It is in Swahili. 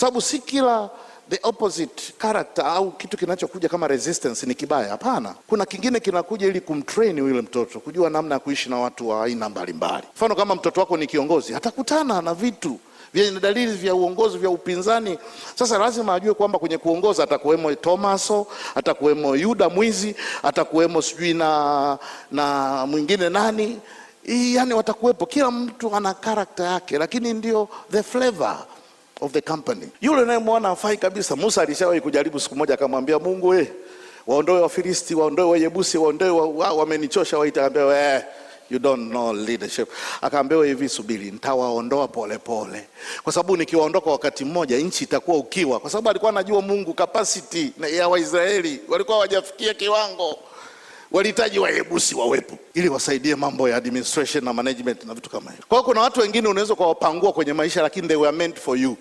sababu si kila the opposite character au kitu kinachokuja kama resistance ni kibaya. Hapana, kuna kingine kinakuja ili kumtrain yule mtoto kujua namna ya kuishi na watu wa aina mbalimbali. Mfano, kama mtoto wako ni kiongozi, atakutana na vitu vyenye dalili vya uongozi vya upinzani. Sasa lazima ajue kwamba kwenye kuongoza atakuwemo Tomaso, atakuwemo Yuda mwizi, atakuwemo sijui na, na mwingine nani, yani watakuwepo. Kila mtu ana karakta yake, lakini ndio the flavor of the company. Yule unayemwona afai kabisa. Musa alishawahi kujaribu siku moja, akamwambia Mungu eh, waondoe Wafilisti, waondoe Wayebusi, waondoe wamenichosha wa, wa Waiti. Akaambia eh, you don't know leadership. Akaambiwa hivi, subiri, nitawaondoa polepole, kwa sababu nikiwaondoka wakati mmoja nchi itakuwa ukiwa, kwa sababu alikuwa anajua Mungu capacity na ya Waisraeli walikuwa hawajafikia kiwango walihitaji Wayebusi wawepo ili wasaidie mambo ya administration na management na vitu kama hivyo. Kwa hiyo kuna watu wengine unaweza ukawapangua kwenye maisha, lakini they were meant for you.